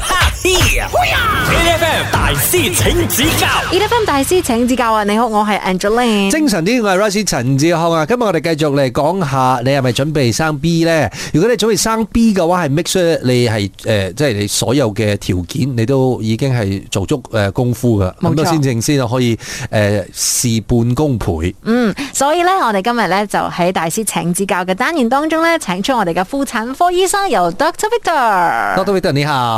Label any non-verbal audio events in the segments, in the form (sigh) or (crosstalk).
哈！A. F. M. 大師請指教 d F.、E、M. 大師請指教啊！你好，我係 Angeline。精神啲，我係 Rossy 陳志康啊！今日我哋繼續嚟講下，你係咪準備生 B 咧？如果你準備生 B 嘅話，係 make sure 你係誒，即、呃、係、就是、你所有嘅條件，你都已經係做足誒、呃、功夫噶，咁多錯先正先可以誒事、呃、半功倍。嗯，所以咧，我哋今日咧就喺大師請指教嘅單元當中咧，請出我哋嘅婦產科醫生由 Doctor Victor。Doctor Victor，你好。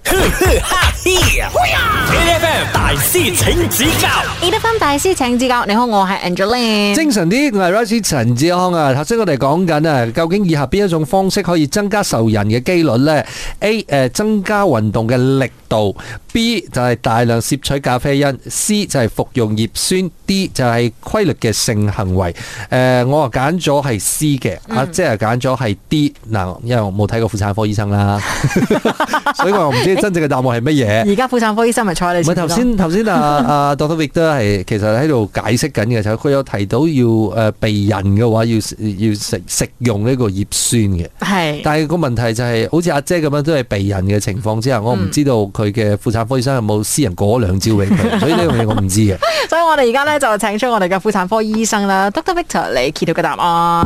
哼哼哈嘿！A. F. M. 大師請指教，A. F. M. 大師請指教。你好，我係 Angeline。精神啲，我係 Rosie 陳志康啊。頭先我哋講緊啊，究竟以下邊一種方式可以增加受孕嘅機率呢？A 誒，增加運動嘅力度；B 就係大量攝取咖啡因；C 就係服用葉酸；D 就係規律嘅性行為。誒，我啊揀咗係 C 嘅，啊即係揀咗係 D。嗱，因為我冇睇過婦產科醫生啦，所以我唔知。真正嘅答案係乜嘢？而家婦產科醫生咪採你先。唔係頭先，頭先啊 (laughs) 啊，Doctor Victor 係其實喺度解釋緊嘅，就佢有提到要誒備孕嘅話，要要食食用呢個葉酸嘅。係是。但係個問題就係、是，好似阿姐咁樣都係備孕嘅情況之下，嗯、我唔知道佢嘅婦產科醫生有冇私人過兩招畀佢， (laughs) 所以呢樣嘢我唔知嘅。 (laughs) 所以我哋而家咧就請出我哋嘅婦產科醫生啦，Doctor Victor，你揭到嘅答案。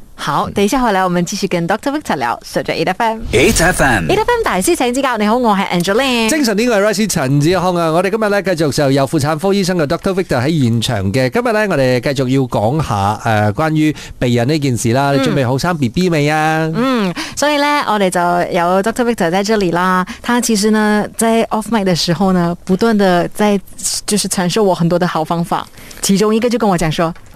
好，等一下。後來，我們繼續跟 Dr. Victor 聊，隨着 AI FM，AI FM，AI FM 大師請指教。你好，我係 Angeline，精神呢個係 Rice 陳志康啊。我哋今日咧，繼續就由婦產科醫生嘅 Dr. Victor 喺現場嘅，今日咧我哋繼續要講下誒、呃、關於避孕呢件事啦。嗯、你準備好生 B B 未啊嗯，所以咧我哋就有 Dr. Victor 在這裏啦。他其實呢在 offline 的時候呢，不斷的在就是傳授我很多的好方法，其中一個就跟我講說。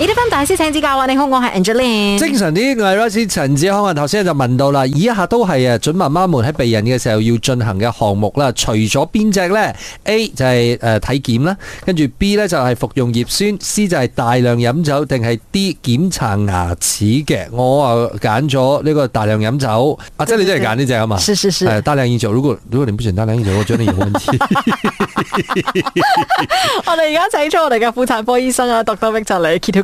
伊麗芬大師請指教啊！你好，我係 Angeline，精神啲，我係老陳志康啊！頭先就問到啦，以下都係誒準媽媽們喺備孕嘅時候要進行嘅項目啦。除咗邊隻咧？A 就係誒體檢啦，跟住 B 咧就係服用葉酸，C 就係大量飲酒，定係 D 檢查牙齒嘅？我啊揀咗呢個大量飲酒。阿姐你真係揀呢隻啊嘛？是是是，大量飲酒。如果如果你唔成大量飲酒，我將你牙齒。我哋而家請出我哋嘅婦產科醫生啊，doctor Victor Lee,